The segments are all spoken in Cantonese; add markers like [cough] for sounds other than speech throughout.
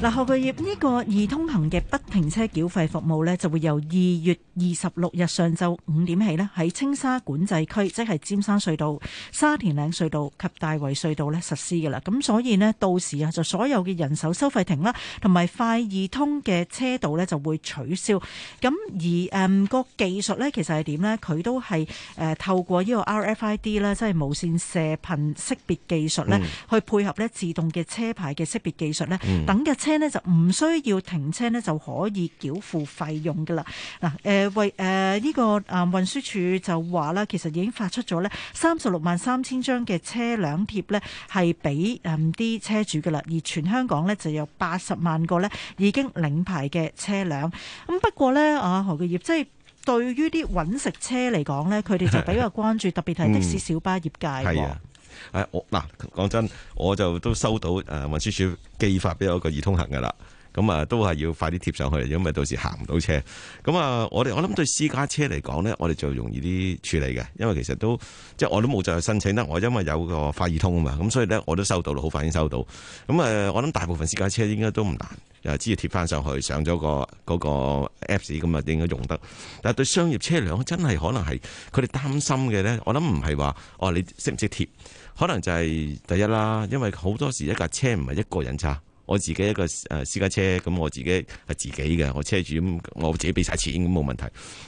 嗱，後個月呢個易通行嘅不停車繳費服務咧，就會由二月二十六日上晝五點起咧，喺青沙管制區，即係尖山隧道、沙田嶺隧道及大圍隧道咧實施嘅啦。咁所以咧，到時啊，就所有嘅人手收費亭啦，同埋快易通嘅車道咧，就會取消。咁而誒個、嗯、技術咧，其實係點咧？佢都係誒透過呢個 RFID 啦，即係無線射頻識別技術咧，去配合咧自動嘅車牌嘅識別技術咧，嗯、等嘅。車呢就唔需要停車呢，就可以繳付費用噶啦。嗱、呃，誒為誒呢個啊運輸署就話啦，其實已經發出咗呢三十六萬三千張嘅車輛貼呢，係俾啲車主噶啦。而全香港呢，就有八十萬個呢已經領牌嘅車輛。咁不過呢，啊何業，即係對於啲搵食車嚟講呢，佢哋就比較關注， [laughs] 嗯、特別係的士、小巴業界。誒，我嗱講真，我就都收到誒運輸署寄發俾我個易通行嘅啦，咁啊都係要快啲貼上去，因為到時行唔到車。咁啊，我哋我諗對私家車嚟講呢，我哋就容易啲處理嘅，因為其實都即係我都冇再申請啦，我因為有個快易通啊嘛，咁所以呢，我都收到好快已經收到。咁誒，我諗大部分私家車應該都唔難，只要貼翻上去，上咗個嗰個 Apps 咁啊，應該用得？但係對商業車輛真係可能係佢哋擔心嘅呢，我諗唔係話哦，你識唔識貼？可能就係第一啦，因為好多時一架車唔係一個人揸，我自己一個誒私家車，咁我自己係自己嘅，我車主我自己俾晒錢，咁冇問題。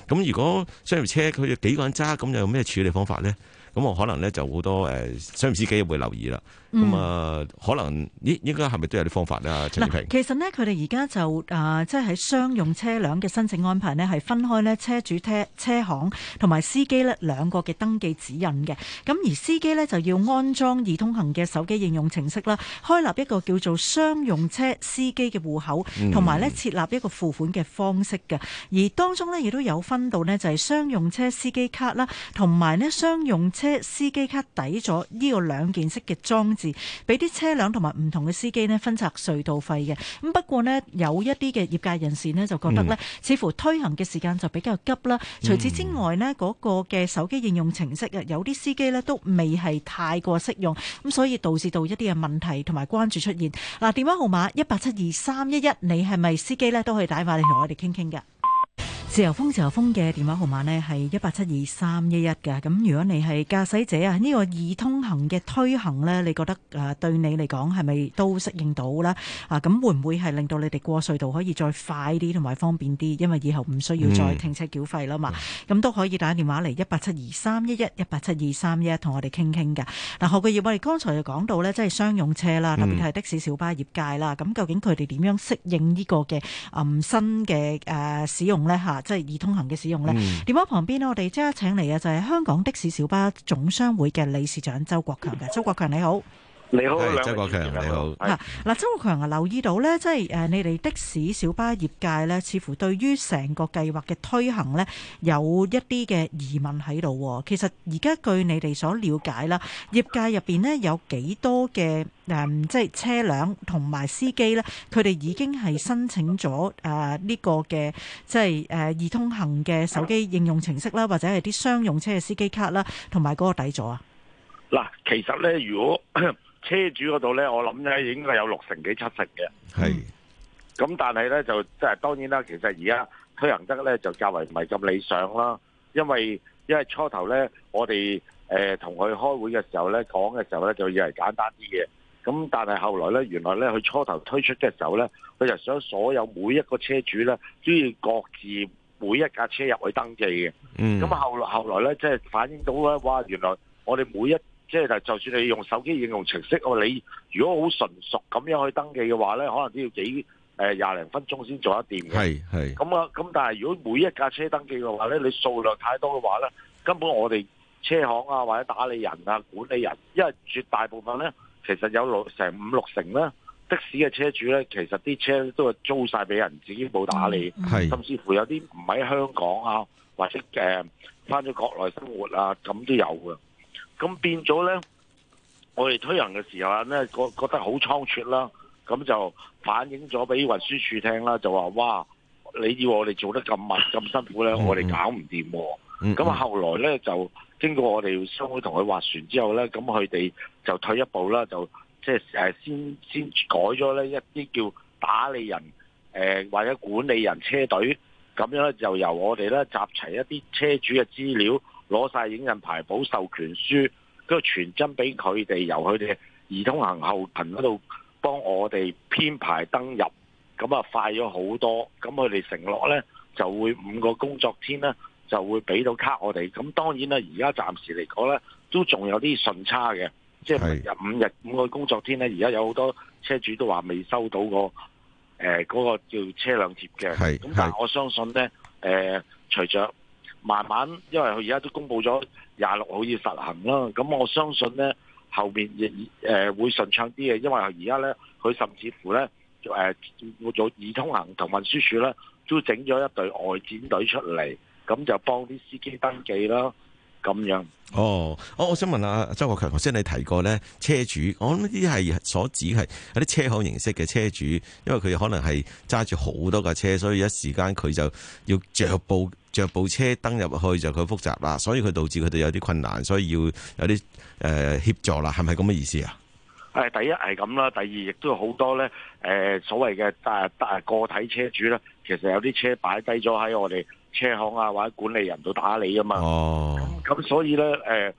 咁如果商業車佢有幾個人揸，咁又有咩處理方法咧？咁我可能咧就好多誒商業司機會留意啦。咁啊，嗯嗯、可能咦應應該係咪都有啲方法呢，其實咧，佢哋而家就啊、呃，即係喺商用車輛嘅申請安排咧，係分開咧車主車車行同埋司機咧兩個嘅登記指引嘅。咁而司機咧就要安裝易通行嘅手機應用程式啦，開立一個叫做商用車司機嘅戶口，同埋咧設立一個付款嘅方式嘅。嗯、而當中咧亦都有分到咧，就係商用車司機卡啦，同埋咧商用車司機卡底座呢個兩件式嘅裝置。俾啲車輛同埋唔同嘅司機呢，分拆隧道費嘅。咁不過呢，有一啲嘅業界人士呢，就覺得呢似乎推行嘅時間就比較急啦。嗯、除此之外呢，嗰、嗰個嘅手機應用程式嘅，有啲司機呢都未係太過適用咁，所以導致到一啲嘅問題同埋關注出現。嗱，電話號碼一八七二三一一，11，你係咪司機呢都可以打電話嚟同我哋傾傾嘅。自由風自由風嘅電話號碼呢係一八七二三一一嘅。咁如果你係駕駛者啊，呢、這個易通行嘅推行呢，你覺得誒、呃、對你嚟講係咪都適應到啦？啊，咁會唔會係令到你哋過隧道可以再快啲同埋方便啲？因為以後唔需要再停車繳費啦嘛。咁都、嗯、可以打電話嚟一八七二三一一一八七二三一一同我哋傾傾嘅。嗱、啊，何均衡，我哋剛才就講到呢，即係商用車啦，特別係的士、小巴業界啦。咁、嗯、究竟佢哋點樣適應呢個嘅、嗯、新嘅誒、呃、使用呢？吓？即係易通行嘅使用咧，電話、嗯、旁邊我哋即刻請嚟嘅就係香港的士小巴總商會嘅理事長周國強嘅，周國強你好。你好，係周國強，強，你好。嗱、啊，嗱，周國強啊，留意到呢，即係誒，你哋的士小巴業界呢，似乎對於成個計劃嘅推行呢，有一啲嘅疑問喺度。其實而家據你哋所了解啦，業界入邊呢，有幾多嘅誒、嗯，即係車輛同埋司機呢，佢哋已經係申請咗誒呢個嘅，即係誒易通行嘅手機應用程式啦，或者係啲商用車嘅司機卡啦，同埋嗰個底座啊？嗱，其實呢，如果車主嗰度呢，我諗呢應該有六成幾七成嘅。係，咁但係呢，就即係當然啦。其實而家推行得呢，就較為唔係咁理想啦，因為因為初頭呢，我哋誒同佢開會嘅時候呢，講嘅時候呢，就以為簡單啲嘅，咁但係後來呢，原來呢，佢初頭推出嘅時候呢，佢就想所有每一個車主呢，都要各自每一架車入去登記嘅。咁啊後後來呢，即係反映到呢，哇原來我哋每一即係就，就算你用手機應用程式，你如果好純熟咁樣去登記嘅話咧，可能都要幾誒廿零分鐘先做一掂嘅。係係咁啊，咁，是但係如果每一架車登記嘅話咧，你數量太多嘅話咧，根本我哋車行啊，或者打理人啊管理人，因為絕大部分咧其實有六成五六成咧的士嘅車主咧，其實啲車都係租晒俾人，自己冇打理。係是。甚至乎有啲唔喺香港啊，或者誒翻咗國內生活啊，咁都有咁變咗呢，我哋推行嘅時候呢，覺得覺得好倉促啦，咁就反映咗俾運輸署聽啦，就話：哇，你以為我哋做得咁密咁辛苦呢？我哋搞唔掂、啊。咁後、嗯嗯嗯、後來呢就經過我哋商會同佢劃船之後呢，咁佢哋就退一步啦，就即係先先改咗呢一啲叫打理人、呃、或者管理人車隊，咁樣呢，就由我哋呢集齊一啲車主嘅資料。攞晒影印牌保、保授權書，跟個傳真俾佢哋，由佢哋易通行後勤嗰度幫我哋編排登入，咁啊快咗好多。咁佢哋承諾咧就會五個工作天咧就會俾到卡我哋。咁當然啦，而家暫時嚟講咧都仲有啲順差嘅，即係五日五個工作天咧，而家有好多車主都話未收到個誒嗰個叫車輛貼嘅。咁但係我相信咧誒除咗。呃慢慢，因為佢而家都公布咗廿六號要實行啦，咁我相信呢，後面亦誒、呃、會順暢啲嘅，因為佢而家呢，佢甚至乎呢，誒我、呃、做易通行同運輸署呢，都整咗一隊外展隊出嚟，咁就幫啲司機登記啦。咁樣哦，哦，我我想問下、啊、周國強頭先你提過咧，車主我諗呢啲係所指係有啲車行形式嘅車主，因為佢可能係揸住好多架車，所以一時間佢就要着部着部車登入去就佢複雜啦，所以佢導致佢哋有啲困難，所以要有啲誒、呃、協助啦，係咪咁嘅意思啊？誒，第一係咁啦，第二亦都有好多咧，誒、呃、所謂嘅誒誒個體車主啦，其實有啲車擺低咗喺我哋。車行啊，或者管理人度打理啊嘛。哦。咁所以咧，誒、呃，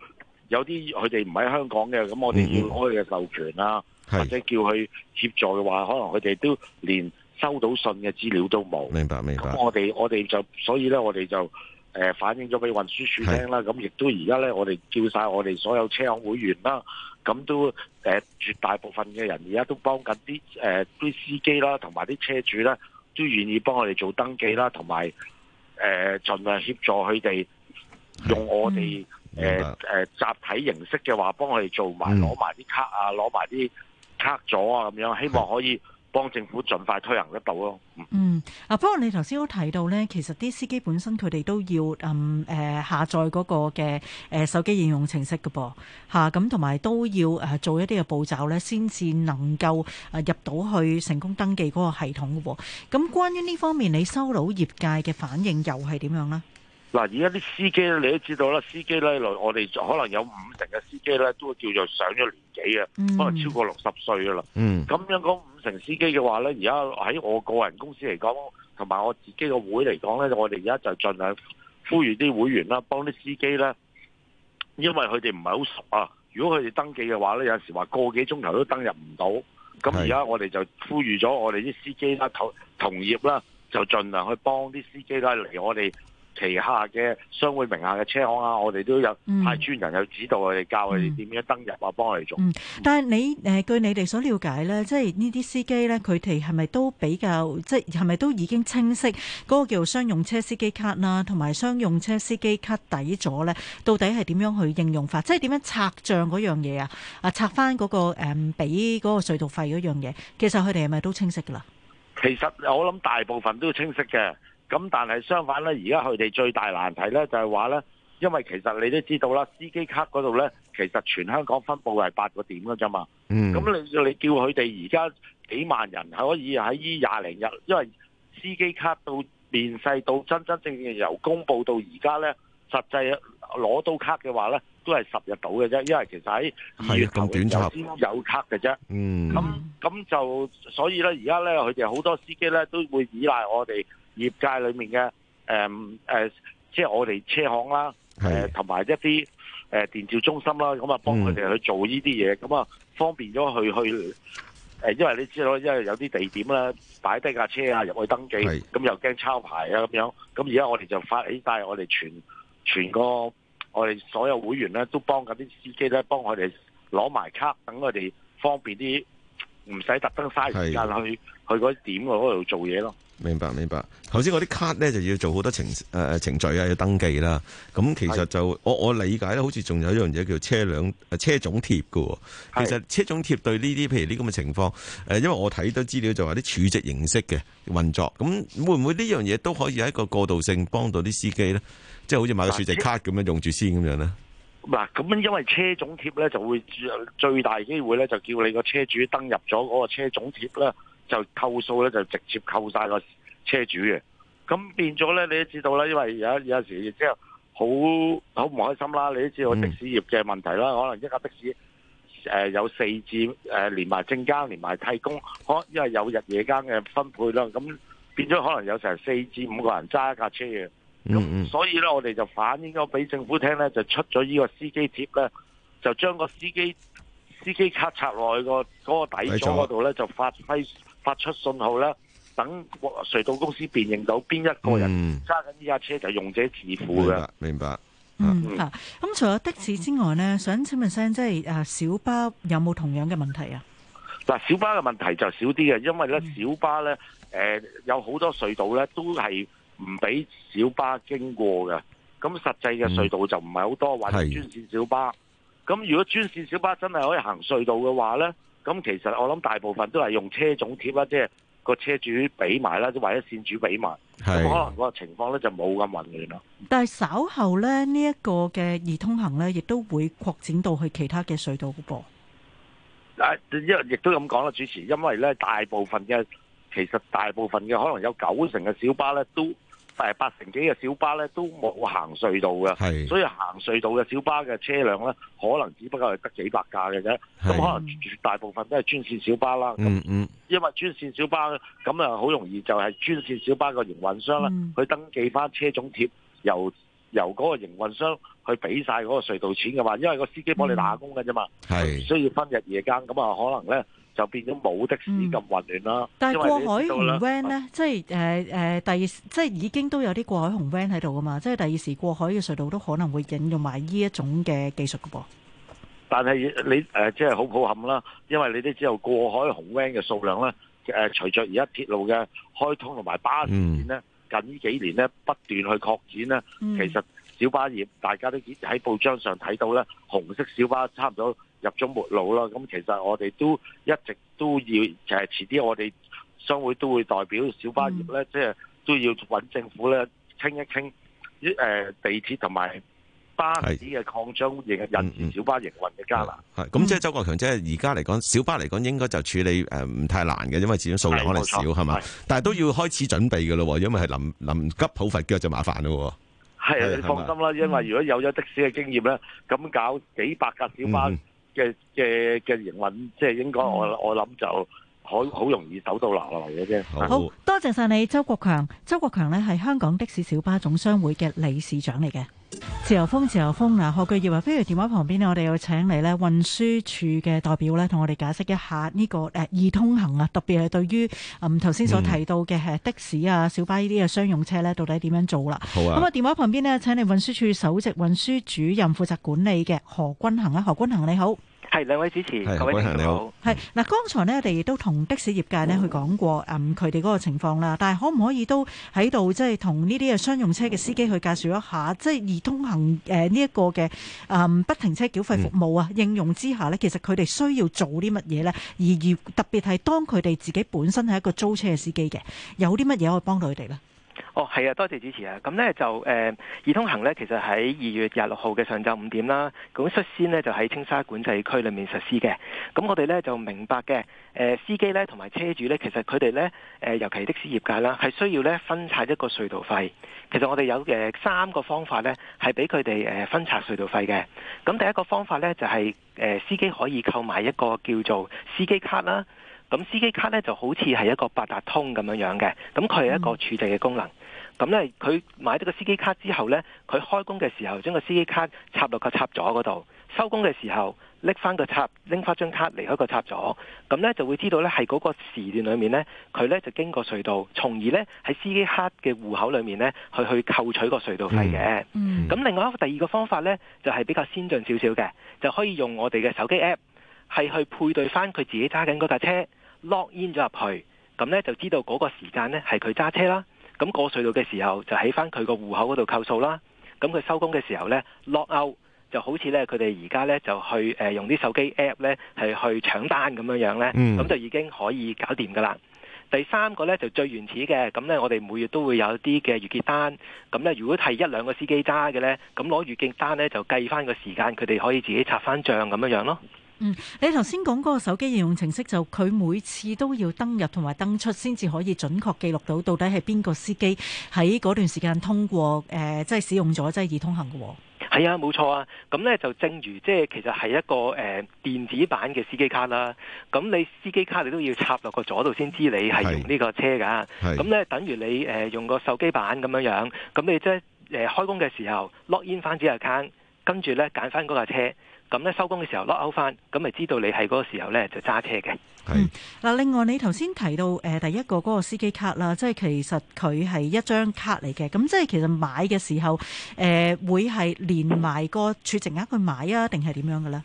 有啲佢哋唔喺香港嘅，咁我哋要攞佢嘅授權啦、啊，嗯、或者叫佢協助嘅話，可能佢哋都連收到信嘅資料都冇。明白，明白。咁我哋我哋就，所以咧，我哋就誒、呃、反映咗俾運輸署聽啦。咁亦是都而家咧，我哋叫晒我哋所有車行會員啦。咁都誒、呃，絕大部分嘅人而家都幫緊啲誒，啲、呃、司機啦，同埋啲車主咧，都願意幫我哋做登記啦，同埋。誒，儘量協助佢哋用我哋、嗯呃、集體形式嘅話，幫佢哋做埋攞埋啲卡啊，攞埋啲卡咗啊，咁樣希望可以，幫政府盡快推行得到咯。嗯，嗱、嗯啊，不過你頭先都提到咧，其實啲司機本身佢哋都要誒、嗯呃、下載嗰個嘅誒手機應用程式嘅噃嚇，咁同埋都要誒做一啲嘅步驟咧，先至能夠入到去成功登記嗰個系統嘅噃。咁關於呢方面，你收到業界嘅反應又係點樣呢？嗱，而家啲司機你都知道啦，司機咧，我哋可能有五成嘅司機咧，都叫做上咗年紀啊，嗯、可能超過六十歲啦。嗯，咁樣講。成司機嘅話呢，而家喺我個人公司嚟講，同埋我自己個會嚟講呢，我哋而家就盡量呼籲啲會員啦，幫啲司機呢。因為佢哋唔係好熟啊。如果佢哋登記嘅話呢，有時話個幾鐘頭都登入唔到。咁而家我哋就呼籲咗我哋啲司機啦、同同業啦，就儘量去幫啲司機啦嚟我哋。旗下嘅商會名下嘅車行啊，我哋都有派專人有指導佢哋教佢哋點樣登入啊，幫我哋做。嗯嗯、但係你誒、呃、據你哋所了解呢，即係呢啲司機呢，佢哋係咪都比較即係係咪都已經清晰嗰個叫商用車司機卡啦，同埋商用車司機卡底咗呢，到底係點樣去應用法？即係點樣拆賬嗰樣嘢啊？啊，拆翻嗰、嗰個誒俾嗰個隧道費嗰樣嘢，其實佢哋係咪都清晰噶啦？其實我諗大部分都清晰嘅。咁但係相反咧，而家佢哋最大難題咧就係話咧，因為其實你都知道啦，司機卡嗰度咧，其實全香港分布係八個點嘅啫嘛。嗯。咁你你叫佢哋而家幾萬人係可以喺依廿零日，因為司機卡到面世到真真正正由公佈到而家咧，實際攞到卡嘅話咧，都係十日到嘅啫。因為其實喺二月頭先有卡嘅啫。嗯。咁咁就所以咧，而家咧佢哋好多司機咧都會依賴我哋。業界裏面嘅誒誒，即係我哋車行啦，誒同埋一啲誒、呃、電照中心啦，咁啊幫佢哋去做呢啲嘢，咁啊、嗯、方便咗佢去誒，因為你知道，因為有啲地點咧擺低架車啊入去登記，咁、嗯、又驚抄牌啊咁樣，咁而家我哋就發起帶我哋全全個我哋所有會員咧，都幫緊啲司機咧，幫佢哋攞埋卡，等佢哋方便啲，唔使特登嘥時間去是去嗰點嗰度做嘢咯。明白明白，頭先嗰啲卡咧就要做好多程誒、呃、程序啊，要登記啦。咁其實就是我我理解咧，好似仲有一樣嘢叫車輛車總貼嘅。其實車總貼對呢啲，譬如呢咁嘅情況誒、呃，因為我睇到資料就話啲儲值形式嘅運作，咁會唔會呢樣嘢都可以有一個過渡性，幫到啲司機咧？即係好似買個儲值卡咁樣用住先咁樣咧？嗱，咁樣因為車總貼咧就會最大機會咧就叫你個車主登入咗嗰個車總貼啦。就扣數咧，就直接扣晒個車主嘅。咁變咗咧，你都知道啦，因為有有時亦即係好好唔開心啦。你都知道的士業嘅問題啦，嗯、可能一架的士誒、呃、有四至誒、呃、連埋正間連埋替工，可因為有日夜間嘅分配啦。咁變咗可能有成四至五個人揸一架車嘅。咁、嗯、所以咧，我哋就反映咗俾政府聽咧，就出咗呢個司機貼咧，就將個司機司機卡插落去個嗰底座嗰度咧，就發揮。發出信號啦，等隧道公司辨認到邊一個人揸緊呢架車，嗯、就用者自負嘅。明白，明白，嗯咁是、啊、除咗的士之外呢，想請問聲，即，就，係，是，小巴有冇同樣嘅問題啊？嗱、嗯，小巴嘅問題就少啲嘅，因為呢小巴呢，誒、呃、有好多隧道呢都係唔俾小巴經過嘅。咁實際嘅隧道就唔係好多，嗯、或者專線小巴。咁的如果專線小巴真係可以行隧道嘅話呢。咁其實我諗大部分都係用車種貼啦，即係個車主俾埋啦，或者線主俾埋，咁是可能嗰個情況咧就冇咁混亂咯。但係稍後咧呢一、這個嘅易通行咧，亦都會擴展到去其他嘅隧道嘅噃。嗱，亦、啊、都咁講啦，主持，因為咧大部分嘅其實大部分嘅可能有九成嘅小巴咧都。係八成幾嘅小巴咧，都冇行隧道嘅，是所以行隧道嘅小巴嘅車輛咧，可能只不過係得幾百架嘅啫，咁是可能絕大部分都係專線小巴啦。嗯嗯，因為專線小巴咁啊，好、嗯、容易就係專線小巴個營運商啦，去、嗯、登記翻車種貼，由由嗰個營運商去俾晒嗰個隧道錢嘅嘛，因為個司機幫你打工嘅啫嘛，係需、嗯、要分日夜更，咁啊可能咧。就變咗冇的士咁混亂啦、嗯。但係過海紅 van 咧，即係誒誒第二，即係已經都有啲過海紅 van 喺度㗎嘛。即係第二時過海嘅隧道都可能會引用埋呢一種嘅技術噶噃。但係你誒、呃，即係好抱憾啦，因為你都知道過海紅 van 嘅數量咧，誒、呃、隨着而家鐵路嘅開通同埋巴士線咧，嗯、近呢幾年咧不斷去擴展咧，嗯、其實小巴業大家都喺報章上睇到咧，紅色小巴差唔多。入咗末路啦，咁其實我哋都一直都要，就係遲啲我哋商會都會代表小巴業咧，嗯、即係都要揾政府咧傾一傾，啲地鐵同埋巴士嘅擴張型嘅引進小巴營運嘅加難。係咁、嗯、即係周國強，即係而家嚟講小巴嚟講應該就處理誒唔太難嘅，因為始終數量可能少係嘛，但係都要開始準備嘅咯，因為係臨臨急抱佛腳就麻煩咯。係啊是，是是你放心啦，因為如果有咗的士嘅經驗咧，咁、嗯、搞幾百架小巴。嗯嘅嘅嘅營運，即係、就是、應該我我諗就好好容易走到落嚟嘅啫。好，好多謝晒你，周國強。周國強咧係香港的士小巴總商會嘅理事長嚟嘅。自由風，自由風。嗱，何巨業啊，不如電話旁邊咧，我哋又請嚟咧運輸署嘅代表咧，同我哋解釋一下呢個誒易通行啊，特別係對於嗯頭先所提到嘅係的士啊、小巴呢啲嘅商用車咧，到底點樣做啦？好啊！咁啊，電話旁邊咧，請嚟運輸署首席運輸主任負責管理嘅何均衡啊，何均衡你好。係兩位,是位主持，各位聽眾好。係嗱，剛才呢，我哋都同的士業界呢去講過，嗯、哦，佢哋嗰個情況啦。但係可唔可以都喺度，即係同呢啲嘅商用車嘅司機去介紹一下，即係易通行誒呢一個嘅，嗯，不停車繳費服務啊，嗯、應用之下呢，其實佢哋需要做啲乜嘢呢？而而特別係當佢哋自己本身係一個租車嘅司機嘅，有啲乜嘢可以幫到佢哋呢？哦，係啊，多謝支持啊！咁呢就誒、呃，易通行呢，其實喺二月廿六號嘅上晝五點啦。咁率先呢就喺青沙管制區裏面實施嘅。咁我哋呢就明白嘅，誒、呃、司機呢同埋車主呢，其實佢哋呢，誒、呃，尤其的士業界啦，係需要呢分拆一個隧道費。其實我哋有嘅三個方法呢，係俾佢哋誒分拆隧道費嘅。咁第一個方法呢，就係、是、誒、呃、司機可以購買一個叫做司機卡啦。咁司機卡咧就好似係一個八達通咁樣樣嘅，咁佢係一個儲值嘅功能。咁咧，佢買咗個司機卡之後咧，佢開工嘅時候將個司機卡插落個插座嗰度，收工嘅時候拎翻個插拎翻張卡離開個插座，咁咧就會知道咧係嗰個時段裏面咧佢咧就經過隧道，從而咧喺司機卡嘅戶口裏面咧去去扣取個隧道費嘅。咁、嗯嗯、另外一個第二個方法咧就係比較先進少少嘅，就可以用我哋嘅手機 App 係去配對翻佢自己揸緊嗰架車。lock in 咗入去，咁呢就知道嗰個時間呢係佢揸車啦。咁過隧道嘅時候就喺翻佢個戶口嗰度扣數啦。咁佢收工嘅時候呢，lock out，就好似呢，佢哋而家呢就去誒用啲手機 app 呢係去搶單咁樣樣呢，咁就已經可以搞掂噶啦。嗯、第三個呢，就最原始嘅，咁呢，我哋每月都會有啲嘅月結單，咁呢如果係一兩個司機揸嘅呢，咁攞月結單呢，就計翻個時間，佢哋可以自己拆翻帳咁樣樣咯。嗯，你頭先講嗰個手機應用程式，就佢每次都要登入同埋登出，先至可以準確記錄到到底係邊個司機喺嗰段時間通過誒、呃，即係使用咗易通行嘅喎、哦。係啊，冇錯啊。咁呢，就正如即係其實係一個誒、呃、電子版嘅司機卡啦。咁你司機卡，你都要插落個左度先知你係用呢個車㗎。咁是呢，是等於你誒、呃、用個手機版咁樣樣。咁你即係誒、呃、開工嘅時候 log in 翻自己 account，跟住呢揀翻嗰架車。咁咧收工嘅時候 log out 翻，咁咪知道你喺嗰個時候咧就揸車嘅。嗱是、嗯，另外你頭先提到誒、呃、第一個嗰個司機卡啦，即係其實佢係一張卡嚟嘅。咁即係其實買嘅時候誒、呃、會係連埋個儲值額去買啊，定係點樣嘅咧？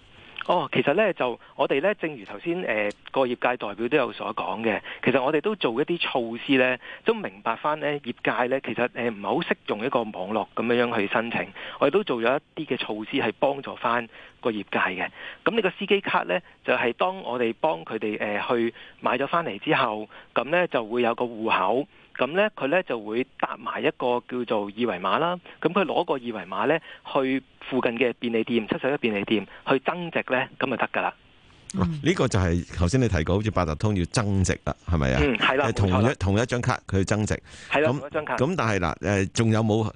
哦，其實咧就我哋咧，正如頭先誒個業界代表都有所講嘅，其實我哋都做一啲措施咧，都明白翻咧業界咧，其實誒唔係好識用一個網絡咁樣去申請，我哋都做咗一啲嘅措施係幫助翻個業界嘅。咁呢個司機卡咧，就係當我哋幫佢哋誒去買咗翻嚟之後，咁咧就會有個戶口。咁咧，佢咧就會搭埋一個叫做二維碼啦。咁佢攞個二維碼咧，去附近嘅便利店、七十一便利店去增值咧，咁就得噶啦。呢、嗯啊呢個就係頭先你提過，好似八達通要增值啦，係咪啊？嗯，係啦。同一同一張卡佢增值。係啦了，那同一張卡。咁但係嗱，仲有冇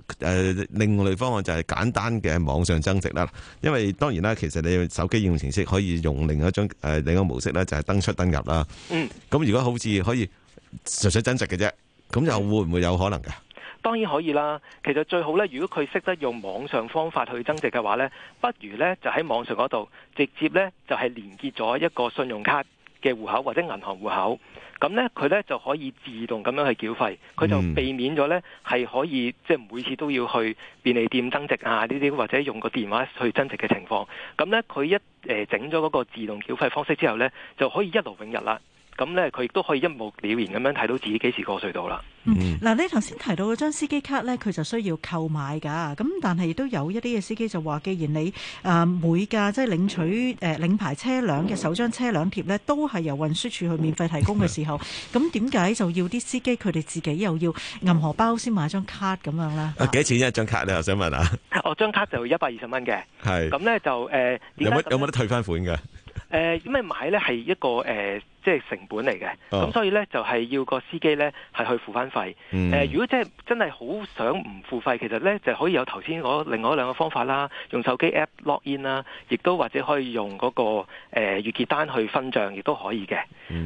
另外類方案就係簡單嘅網上增值啦？因為當然啦，其實你手機應用程式可以用另一張另一個模式咧，就係登出登入啦。嗯。咁如果好似可以實實增值嘅啫。咁又會唔會有可能㗎？當然可以啦。其實最好咧，如果佢識得用網上方法去增值嘅話咧，不如咧就喺網上嗰度直接咧就係、是、連結咗一個信用卡嘅戶口或者銀行戶口。咁咧佢咧就可以自動咁樣去繳費，佢就避免咗咧係可以即係、就是、每次都要去便利店增值啊呢啲或者用個電話去增值嘅情況。咁咧佢一、呃、整咗嗰個自動繳費方式之後咧，就可以一勞永逸啦。咁咧，佢亦都可以一目了然咁樣睇到自己幾時過隧道啦。嗯，嗱、嗯啊，你頭先提到嗰張司機卡咧，佢就需要購買㗎。咁但係亦都有一啲嘅司機就話，既然你、呃、每架即係、就是、領取誒、呃、領牌車輛嘅首張車輛貼咧，都係由運輸署去免費提供嘅時候，咁點解就要啲司機佢哋自己又要揞荷包先買張卡咁樣幾幾、啊、錢一、啊、張卡呢？我想問下。我張卡就一百二十蚊嘅。係是。咁咧就誒、呃。有冇有冇得退翻款㗎？誒、呃，因為買咧係一個誒。呃即係成本嚟嘅，咁所以咧就係、是、要個司機咧係去付翻費、呃。如果即係真係好想唔付費，其實咧就可以有頭先我另外兩個方法啦，用手機 app log in 啦，亦都或者可以用嗰、那個誒、呃、月結單去分賬，亦都可以嘅。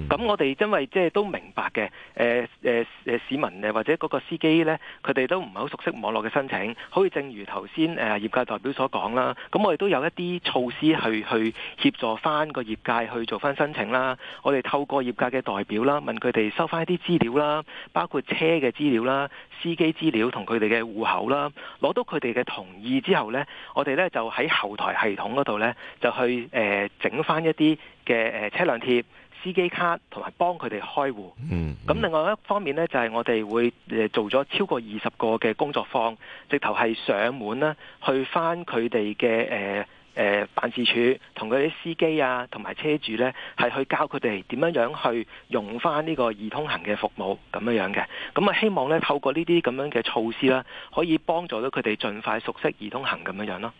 咁我哋因為即係都明白嘅，誒、呃、誒、呃、市民或者嗰個司機咧，佢哋都唔係好熟悉網絡嘅申請，好似正如頭先誒業界代表所講啦。咁我哋都有一啲措施去去協助翻個業界去做翻申請啦。我哋。透過業界嘅代表啦，問佢哋收翻一啲資料啦，包括車嘅資料啦、司機資料同佢哋嘅戶口啦，攞到佢哋嘅同意之後呢，我哋呢就喺後台系統嗰度呢，就去誒、呃、整翻一啲嘅誒車輛貼、司機卡，同埋幫佢哋開戶。嗯、mm，咁、hmm. 另外一方面呢，就係我哋會做咗超過二十個嘅工作坊，直頭係上門啦，去翻佢哋嘅誒。誒辦事處同佢啲司機啊，同埋車主呢，係去教佢哋點樣樣去用返呢個易通行嘅服務咁樣樣嘅。咁啊，希望呢透過呢啲咁樣嘅措施啦，可以幫助到佢哋盡快熟悉易通行咁樣樣咯。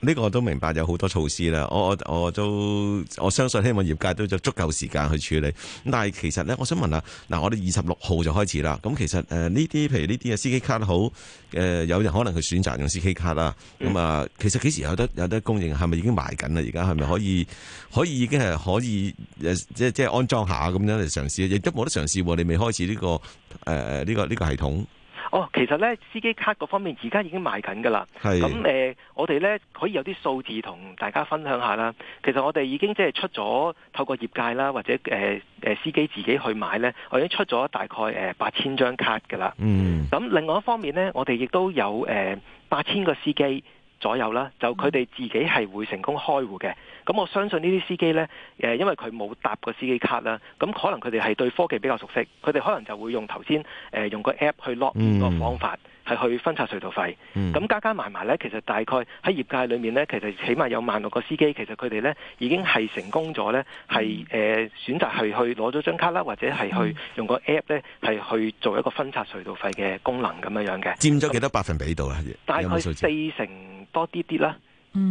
呢個我都明白，有好多措施啦。我我我都我相信，希望業界都有足夠時間去處理。咁但係其實咧，我想問下，嗱，我哋二十六號就開始啦。咁其實誒，呢啲譬如呢啲嘅 C K 卡好誒、呃，有人可能去選擇用 C K 卡啦。咁、呃、啊，其實幾時有得有得供應？係咪已經埋緊啦？而家係咪可以可以已經係可以誒？即即安裝下咁樣嚟嘗試，亦都冇得嘗試。你未開始呢、呢個誒呢、呃呢個呢、呢個系統。哦，其實咧，司機卡嗰方面而家已經賣緊㗎啦。係是。咁誒、呃，我哋咧可以有啲數字同大家分享一下啦。其實我哋已經即係出咗透過業界啦，或者誒誒、呃、司機自己去買咧，我已經出咗大概誒八千張卡㗎啦。嗯。咁另外一方面咧，我哋亦都有誒八千個司機。左右啦，就佢哋自己係會成功開戶嘅。咁我相信這些呢啲司機咧，誒，因為佢冇搭過司機卡啦，咁可能佢哋係對科技比較熟悉，佢哋可能就會用頭先誒用個 app 去 lock 個方法，係、嗯、去分拆隧道費。咁加加埋埋咧，其實大概喺業界裏面咧，其實起碼有萬六個司機，其實佢哋咧已經係成功咗咧，係誒、呃、選擇係去攞咗張卡啦，或者係去用個 app 咧，係去做一個分拆隧道費嘅功能咁樣樣嘅。佔咗幾多百分比度咧？大概四成。多啲啲啦，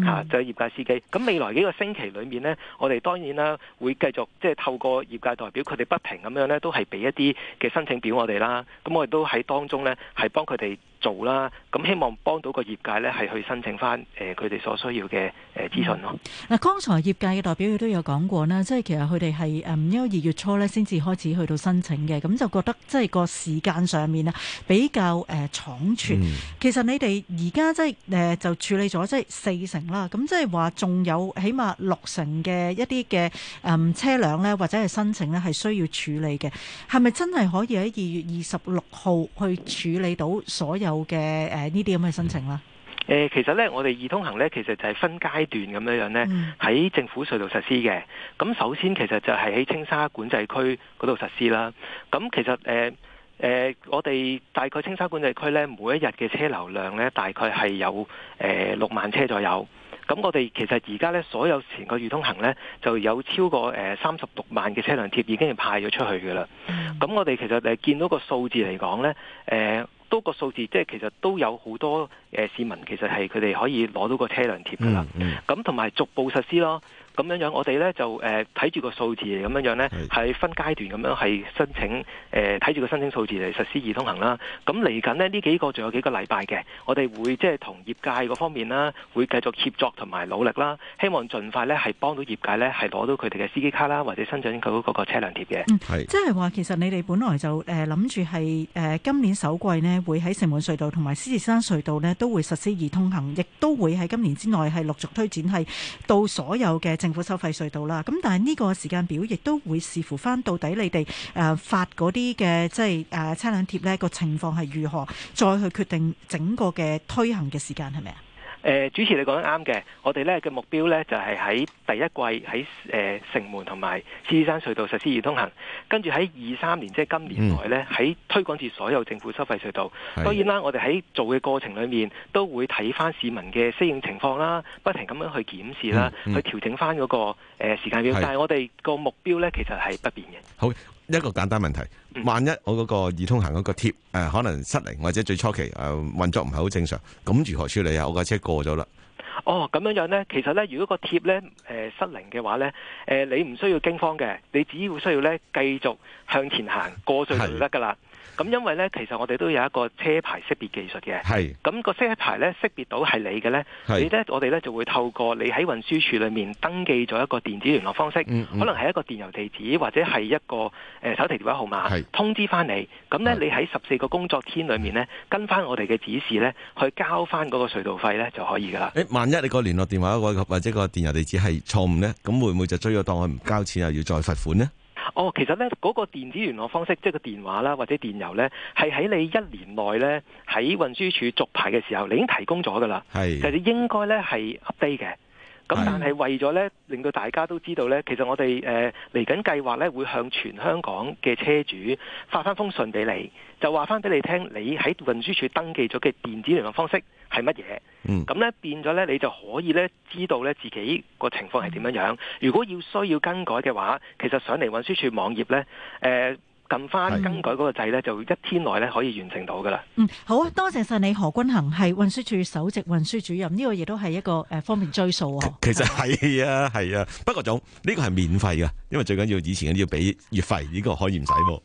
吓，就係業界司機。咁未來幾個星期裏面咧，我哋當然啦會繼續，即係透過業界代表，佢哋不停咁樣咧，都係俾一啲嘅申請表我哋啦。咁我哋都喺當中咧，係幫佢哋。做啦，咁希望幫到個業界咧，係去申請翻誒佢哋所需要嘅誒資訊咯。嗱，剛才業界嘅代表亦都有講過啦，即係其實佢哋係誒因為二月初咧先至開始去到申請嘅，咁就覺得即係個時間上面咧比較誒倉促。嗯、其實你哋而家即係誒就處理咗即係四成啦，咁即係話仲有起碼六成嘅一啲嘅誒車輛咧，或者係申請咧係需要處理嘅，係咪真係可以喺二月二十六號去處理到所有？嘅誒呢啲咁嘅申請啦，誒、呃、其實咧我哋易通行咧，其實就係分階段咁樣樣咧，喺政府隧道實施嘅。咁首先其實就係喺青沙管制區嗰度實施啦。咁其實誒誒、呃呃，我哋大概青沙管制區咧，每一日嘅車流量咧，大概係有誒六、呃、萬車左右。咁我哋其實而家咧，所有前個易通行咧，就有超過誒三十六萬嘅車輛貼已經係派咗出去噶啦。咁、嗯、我哋其實誒見到個數字嚟講咧，誒、呃。多個數字，即係其實都有好多誒、呃、市民，其實係佢哋可以攞到個車輛貼噶啦。咁同埋逐步實施咯。咁樣、呃、樣呢，我哋咧就睇住個數字咁樣樣咧，係分階段咁樣係申請睇住、呃、個申請數字嚟實施易通行啦。咁嚟緊呢幾個仲有幾個禮拜嘅，我哋會即係同業界嗰方面啦，會繼續協作同埋努力啦，希望盡快咧係幫到業界咧係攞到佢哋嘅司機卡啦，或者申請佢嗰個車輛貼嘅。即係話其實你哋本來就諗住係今年首季呢會喺城門隧道同埋獅子山隧道呢都會實施易通行，亦都會喺今年之內係陸續推展係到所有嘅。政府收費隧道啦，咁但係呢個時間表亦都會視乎翻到底你哋誒發嗰啲嘅即係誒、啊、車輛貼咧個情況係如何，再去決定整個嘅推行嘅時間係咪啊？誒，主持你講得啱嘅，我哋咧嘅目標咧就係喺第一季喺城門同埋獅子山隧道實施易通行，跟住喺二三年即係、就是、今年內咧，喺推廣至所有政府收費隧道。嗯、當然啦，我哋喺做嘅過程裏面都會睇翻市民嘅適應情況啦，不停咁樣去檢視啦，去調整翻嗰個時時間表。嗯嗯、但係我哋個目標咧其實係不變嘅。好。一個簡單問題，萬一我嗰個易通行嗰個貼誒可能失靈，或者最初期誒運作唔係好正常，咁如何處理啊？我架車過咗啦。哦，咁樣樣咧，其實咧，如果個貼咧誒失靈嘅話咧，誒你唔需要驚慌嘅，你只要需要咧繼續向前行過隧道就得噶啦。咁因為咧，其實我哋都有一個車牌識別技術嘅。係是。咁個車牌咧，識別到係你嘅咧，是你咧，我哋咧就會透過你喺運輸署裏面登記咗一個電子聯絡方式，嗯嗯、可能係一個電郵地址或者係一個手提電話號碼，是通知翻你。咁咧，是你喺十四個工作天裏面咧，跟翻我哋嘅指示咧，去交翻嗰個隧道費咧就可以噶啦。誒，萬一你個聯絡電話或者個電郵地址係錯誤咧，咁會唔會就追咗當我唔交錢又要再罰款呢？哦，其實咧嗰個電子聯絡方式，即係個電話啦，或者電郵咧，係喺你一年內咧喺運輸署續牌嘅時候，你已經提供咗㗎啦，係，其實應該咧係 update 嘅。咁但係為咗咧，令到大家都知道咧，其實我哋誒嚟緊計劃咧，會向全香港嘅車主發翻封信俾你，就話翻俾你聽，你喺運輸署登記咗嘅電子聯絡方式係乜嘢？嗯呢，咁咧變咗咧，你就可以咧知道咧自己個情況係點樣樣。如果要需要更改嘅話，其實上嚟運輸署網頁咧，誒、呃。撳翻更改嗰個掣咧，就一天內咧可以完成到噶啦。嗯，好多謝晒你，何均衡係運輸署首席運輸主任，呢個亦都係一個誒方便追訴啊。其實係啊，係啊，不過總呢個係免費噶，因為最緊要以前啲要俾月費，呢個可以唔使。嗯